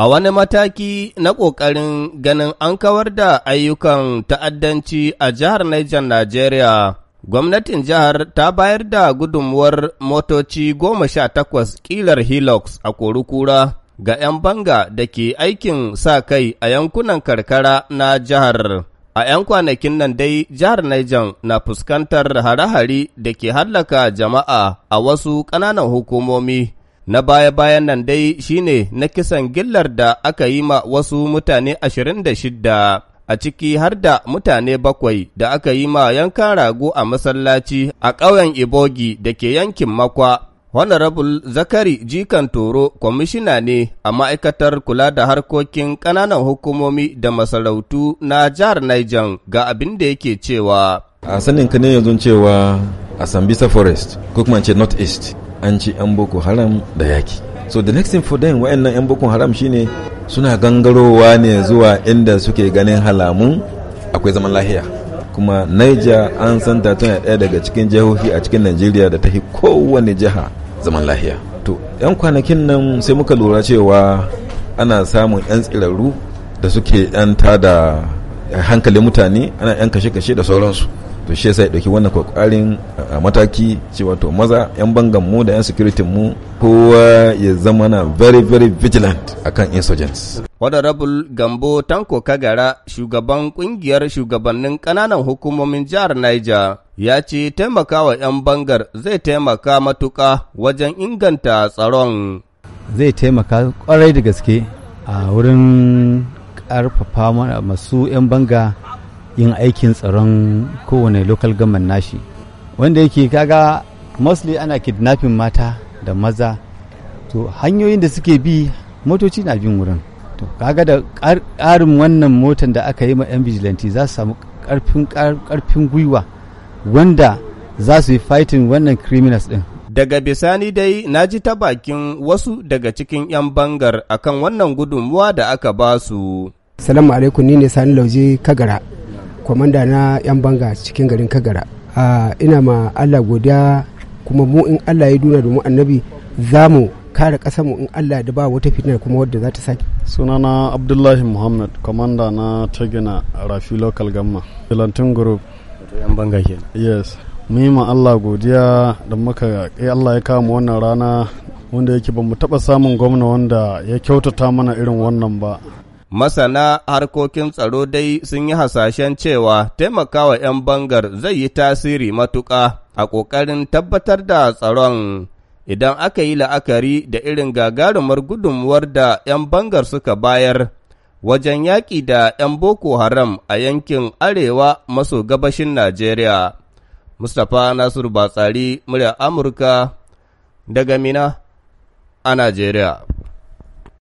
A wani mataki na ƙoƙarin ganin an kawar da ayyukan ta'addanci a jihar Niger Najeriya, gwamnatin jihar ta bayar da gudunmuwar motoci goma sha takwas ƙilar Hilux a Korukura ga 'yan banga da ke aikin sa kai a yankunan karkara na jihar. A 'yan kwanakin nan dai jihar Niger na fuskantar hare-hare da ke hallaka jama'a a wasu ƙananan hukumomi. na baya-bayan nan dai shine na kisan gillar da aka yi ma wasu mutane ashirin da shidda. a ciki har da mutane bakwai da aka yi ma yankan rago a masallaci a ƙauyen Ibogi da ke yankin Makwa. Honorable Zakari Jikan Toro kwamishina ne a ma'aikatar kula da harkokin ƙananan hukumomi da masarautu na jihar Niger ga abin da yake cewa. A sanin ka ne yanzu cewa a Sambisa Forest, ko ce North East, an ci 'yan boko haram da yaki so the next thing for them wa'annan 'yan boko haram shine suna gangarowa ne zuwa inda suke ganin halamun akwai zaman lahiya kuma naija an san ta tana ɗaya daga cikin jihohi a cikin najeriya da ta fi kowane jiha zaman lahiya to 'yan kwanakin nan sai muka lura cewa ana samun 'yan tsirarru da suke 'yan tada hankalin mutane ana 'yan kashe-kashe da sauransu to shi sai dauki wannan kokarin mataki cewa to maza yan bangan mu da yan security mu kowa ya zama na very very vigilant akan insurgents Honorable Gambo Tanko Kagara, shugaban kungiyar shugabannin kananan hukumomin jihar Niger, ya ce taimakawa 'yan bangar zai taimaka matuka wajen inganta tsaron. Zai taimaka kwarai da gaske a wurin ƙarfafa masu 'yan banga yin aikin tsaron kowane local government nashi wanda yake kaga mostly ana kidnapping mata da maza to hanyoyin da suke bi motoci na bin wurin to kaga da ƙarin wannan motan da aka yi ma 'yan vigilante za su samu ƙarfin gwiwa wanda za su yi fighting wannan criminals din daga bisani dai na ji ta bakin wasu daga cikin 'yan bangar akan wannan gudunmuwa da aka ba su salamu alaikum ni ne sani lauje kagara kwamanda na 'yan banga cikin garin kagara ina ma allah godiya kuma mu in allah ya duna domin annabi za mu kare mu in allah da ba wata fitina kuma wadda za ta sake sunana abdullahi muhammad kwamanda na tagina rafi local gamma filantin group yan banga yes mu ma allah godiya da muka kai eh, allah ya kama wannan rana wanda yake ba mu taɓa samun gwamna wanda ya kyautata mana irin wannan ba Masana harkokin tsaro dai sun yi hasashen cewa taimakawa 'yan bangar zai yi tasiri matuƙa a ƙoƙarin tabbatar da tsaron idan aka yi la'akari da irin gagarumar gudunmuwar da 'yan bangar suka bayar wajen yaƙi da 'yan Boko Haram a yankin Arewa maso gabashin Najeriya. Mustapha Nasiru Batsari, murya Amurka, daga Mina a Najeriya.